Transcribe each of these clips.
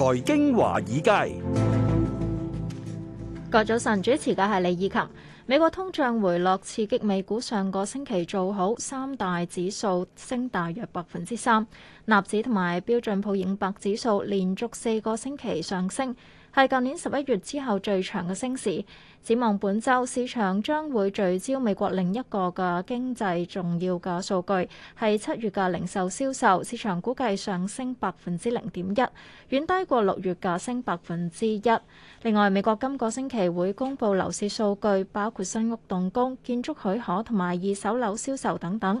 財經華爾街，各位早晨，主持嘅係李綺琴。美國通脹回落，刺激美股上個星期做好，三大指數升大約百分之三，納指同埋標準普爾五百指數連續四個星期上升。係舊年十一月之後最長嘅升市，展望本週市場將會聚焦美國另一個嘅經濟重要嘅數據，係七月嘅零售銷售，市場估計上升百分之零點一，遠低過六月嘅升百分之一。另外，美國今個星期會公布樓市數據，包括新屋動工、建築許可同埋二手樓銷售等等。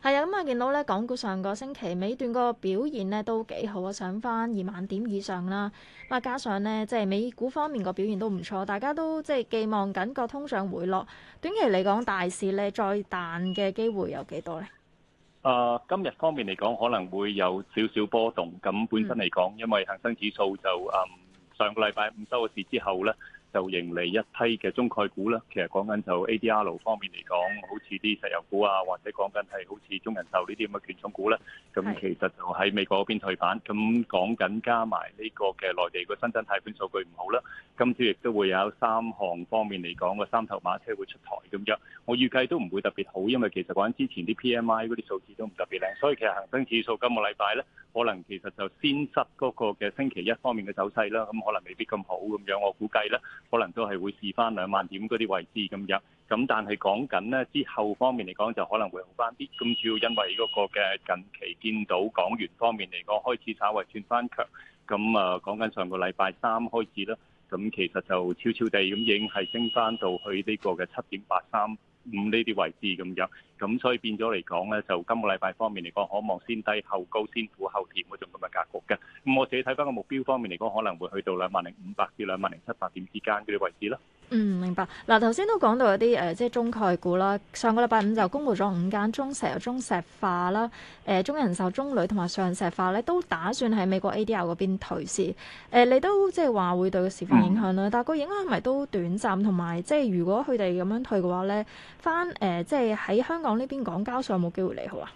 係啊，咁啊見到咧，港股上個星期尾段個表現咧都幾好啊，上翻二萬點以上啦。嗱，加上咧即係美股方面個表現都唔錯，大家都即係寄望緊個通脹回落。短期嚟講，大市咧再彈嘅機會有幾多咧？誒、呃，今日方面嚟講可能會有少少波動。咁本身嚟講，因為恒生指數就誒、呃、上個禮拜五收個市之後咧，就迎嚟一批嘅中概股啦，其實講緊就 ADR 方面嚟講，好似啲石油股啊，或者講緊係好似中人壽呢啲咁嘅權重股咧，咁其實就喺美國嗰邊退板。咁講緊加埋呢個嘅內地個新增貸款數據唔好啦，今朝亦都會有三項方面嚟講個三頭馬車會出台咁樣，我預計都唔會特別好，因為其實講緊之前啲 PMI 嗰啲數字都唔特別靚，所以其實恒生指數今個禮拜咧，可能其實就先失嗰個嘅星期一方面嘅走勢啦，咁可能未必咁好咁樣，我估計咧。可能都係會試翻兩萬點嗰啲位置咁樣，咁但係講緊呢之後方面嚟講就可能會好翻啲，咁主要因為嗰個嘅近期見到港元方面嚟講開始稍微轉翻強，咁啊講緊上個禮拜三開始啦，咁其實就悄悄地咁已經係升翻到去呢個嘅七點八三五呢啲位置咁樣，咁所以變咗嚟講咧，就今個禮拜方面嚟講，可望先低後高，先苦後甜嗰種咁嘅格局嘅。咁我自己睇翻個目標方面嚟講，可能會去到兩萬零五百至兩萬零七百點之間嗰啲位置咯。嗯，明白。嗱、啊，頭先都講到一啲誒、呃，即係中概股啦。上個禮拜五就公布咗五間中石油、中石化啦、誒、呃、中人壽、中旅同埋上石化咧，都打算喺美國 ADR 嗰邊退市。誒、呃，你都即係話會對個市況影響啦。但係個影響係咪都短暫？同埋即係如果佢哋咁樣退嘅話咧？翻誒、呃，即係喺香港呢邊港交所有冇機會嚟好啊？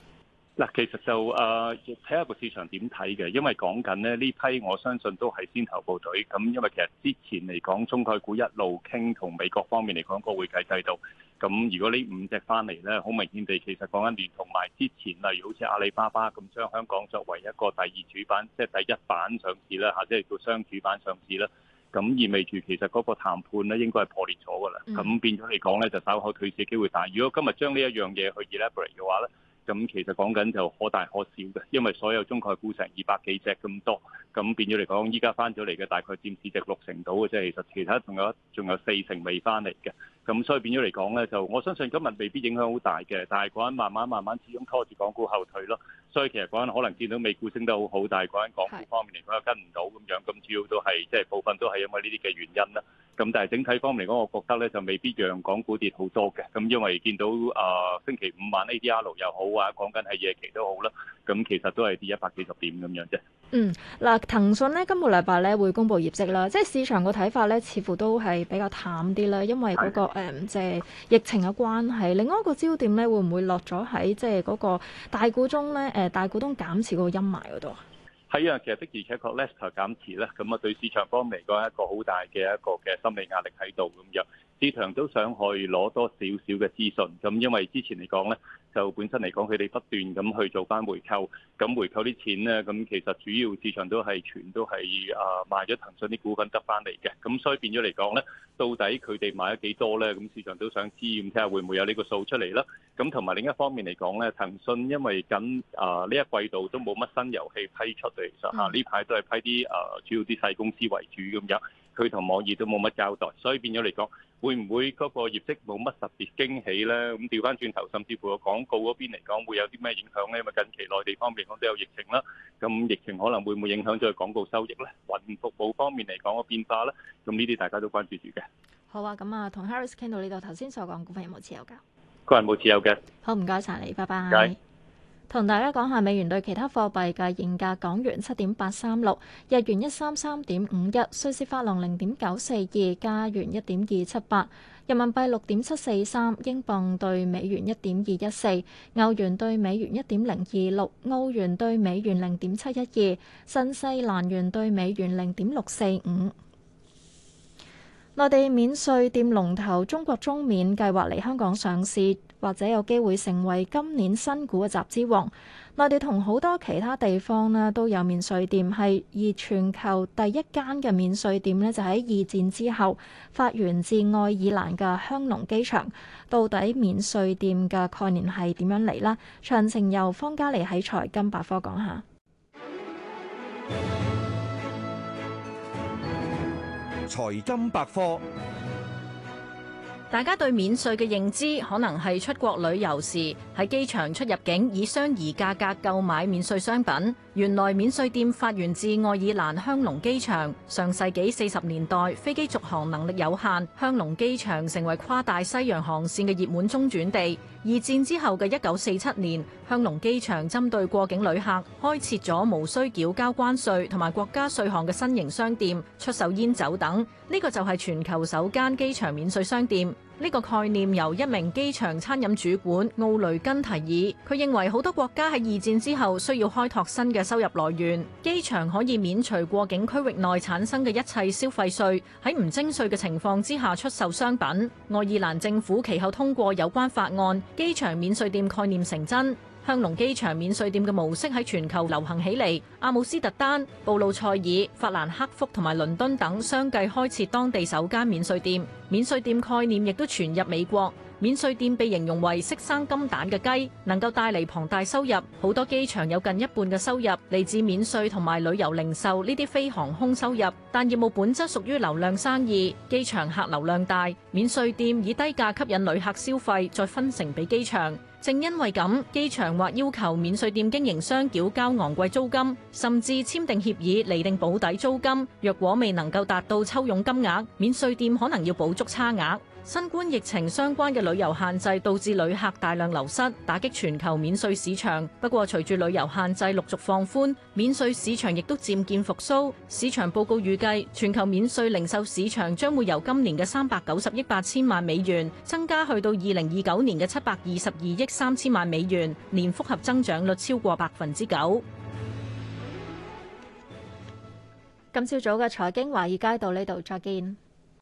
嗱，其實就啊睇下個市場點睇嘅，因為講緊咧，呢批我相信都係先頭部隊。咁因為其實之前嚟講，中概股一路傾同美國方面嚟講個會計制度。咁如果呢五隻翻嚟咧，好明顯地，其實講緊聯同埋之前，例如好似阿里巴巴咁將香港作為一個第二主板，即係第一板上市啦嚇，即係叫雙主板上市啦。咁意味住其實嗰個談判咧應該係破裂咗㗎啦，咁、嗯、變咗嚟講咧就稍後退市機會大。如果今日將呢一樣嘢去 elaborate 嘅話咧，咁其實講緊就可大可小嘅，因為所有中概股成二百幾隻咁多，咁變咗嚟講，依家翻咗嚟嘅大概佔市值六成到嘅啫。其實其他仲有仲有四成未翻嚟嘅，咁所以變咗嚟講咧，就我相信今日未必影響好大嘅，但係嗰陣慢慢慢慢始終拖住港股後退咯。所以其實講緊可能見到美股升得好好，但係講緊港股方面嚟講又跟唔到咁樣，咁主要都係即係部分都係因為呢啲嘅原因啦。咁但係整體方面嚟講，我覺得咧就未必讓港股跌好多嘅。咁因為見到啊星期五晚 ADR 又好啊，講緊係夜期都好啦，咁其實都係跌一百幾十點咁樣啫。嗯，嗱，騰訊咧今個禮拜咧會公布業績啦，即係市場個睇法咧似乎都係比較淡啲啦，因為嗰個誒即係疫情嘅關係。另外一個焦點咧會唔會落咗喺即係嗰個大股中咧？誒。誒大股東減持嗰個陰霾嗰度啊，係啊，其實的而且確 last year 減持咧，咁啊對市場方面嚟講係一個好大嘅一個嘅心理壓力喺度咁樣。市場都想去攞多少少嘅資訊，咁因為之前嚟講呢，就本身嚟講佢哋不斷咁去做翻回購，咁回購啲錢呢，咁其實主要市場都係全都係啊賣咗騰訊啲股份得翻嚟嘅，咁所以變咗嚟講呢，到底佢哋買咗幾多呢？咁市場都想知，咁睇下會唔會有呢個數出嚟啦。咁同埋另一方面嚟講呢，騰訊因為緊啊呢一季度都冇乜新遊戲批出嚟，實呢排都係批啲啊、呃、主要啲細公司為主咁樣。佢同網易都冇乜交代，所以變咗嚟講，會唔會嗰個業績冇乜特別驚喜咧？咁調返轉頭，甚至乎個廣告嗰邊嚟講，會有啲咩影響咧？因為近期內地方面，講都有疫情啦，咁疫情可能會唔會影響咗廣告收益咧？雲服務方面嚟講個變化咧，咁呢啲大家都關注住嘅。好啊，咁啊，同 Harris 傾到呢度，頭先所講股份有冇持有㗎？個人冇持有嘅。好，唔該晒你，拜拜。同大家講下美元對其他貨幣嘅現價：港元七點八三六，日元一三三點五一，瑞士法郎零點九四二，加元一點二七八，人民幣六點七四三，英鎊對美元一點二一四，歐元對美元一點零二六，歐元對美元零點七一二，新西蘭元對美元零點六四五。內地免稅店龍頭中國中免計劃嚟香港上市。或者有機會成為今年新股嘅集資王。內地同好多其他地方咧，都有免稅店，係而全球第一間嘅免稅店咧，就喺二戰之後發源自愛爾蘭嘅香農機場。到底免稅店嘅概念係點樣嚟啦？詳情由方嘉利喺財金百科講下。財金百科。大家對免稅嘅認知，可能係出國旅遊時喺機場出入境以相宜價格購買免稅商品。原來免稅店發源自愛爾蘭香農機場，上世紀四十年代飛機續航能力有限，香農機場成為跨大西洋航線嘅熱門中轉地。二戰之後嘅一九四七年，香農機場針對過境旅客開設咗無需繳交關稅同埋國家稅項嘅新型商店，出售煙酒等。呢、這個就係全球首間機場免稅商店。呢個概念由一名機場餐飲主管奧雷根提議，佢認為好多國家喺二戰之後需要開拓新嘅收入來源，機場可以免除過境區域內產生嘅一切消費稅，喺唔徵稅嘅情況之下出售商品。愛爾蘭政府其後通過有關法案，機場免稅店概念成真。香農機場免稅店嘅模式喺全球流行起嚟，阿姆斯特丹、布魯塞爾、法蘭克福同埋倫敦等相繼開設當地首間免稅店。免稅店概念亦都傳入美國，免稅店被形容為識生金蛋嘅雞，能夠帶嚟龐大收入。好多機場有近一半嘅收入嚟自免稅同埋旅遊零售呢啲非航空收入，但業務本質屬於流量生意。機場客流量大，免稅店以低價吸引旅客消費，再分成俾機場。正因為咁，機場或要求免稅店經營商繳交昂貴租金，甚至簽訂協議釐定保底租金。若果未能夠達到抽佣金額，免稅店可能要補足差額。新冠疫情相關嘅旅遊限制導致旅客大量流失，打擊全球免稅市場，不過，隨住旅遊限制陸續放寬，免稅市場亦都漸漸復蘇。市場報告預計，全球免稅零售市場將會由今年嘅三百九十億八千萬美元增加去到二零二九年嘅七百二十二億三千萬美元，年複合增長率超過百分之九。今朝早嘅財經華爾街到呢度再見。